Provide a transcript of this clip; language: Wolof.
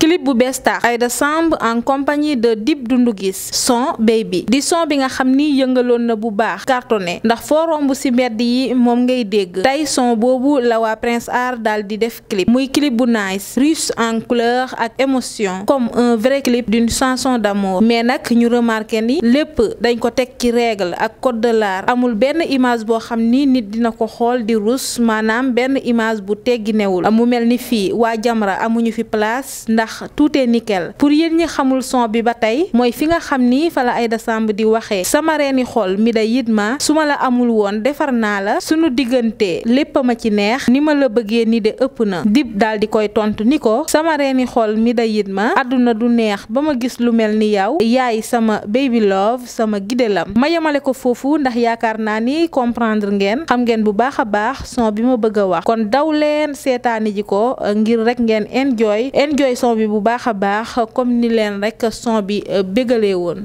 clip bu bestar tax en compagnie de Deep Dundugis. son baby di son bi nga xamni na bu baax cartonné ndax fo rombu ci mbedd yi mom ngay son bobu la wa Prince Art dal di def clip muy clip bu nice riche en couleur ak émotion comme un vrai clip d'une chanson d'amour mais nak ñu remarqué ni lepp dañ ko tek ci règle ak code de l'art amul ben image bo xamni ni nit dina ko xol di rus manam ben image bu gineul. mu melni fi fii Jamra amuñu fi place ndax baax tout est nickel pour yeen ñi xamul son bi ba tey fi nga xam ni fa la ayda Samb di sama reeni xol mi day yit suma la amul won defar na la sunu digënté lepp ma ci neex ni ma la bëggee ni de ëpp na dib dal di koy tontu niko sama reeni xol mi day yit aduna du neex bama gis lu melni yaw yaay sama baby love sama gidelam ma yemale ko fofu ndax yaakar na ni comprendre ngeen xam ngeen bu baaxa baax son bi ma bëgg wax kon daw leen sétani ji ko ngir rek ngeen enjoy enjoy son bi bu baax a baax comme ni leen rek son bi euh, bégalee woon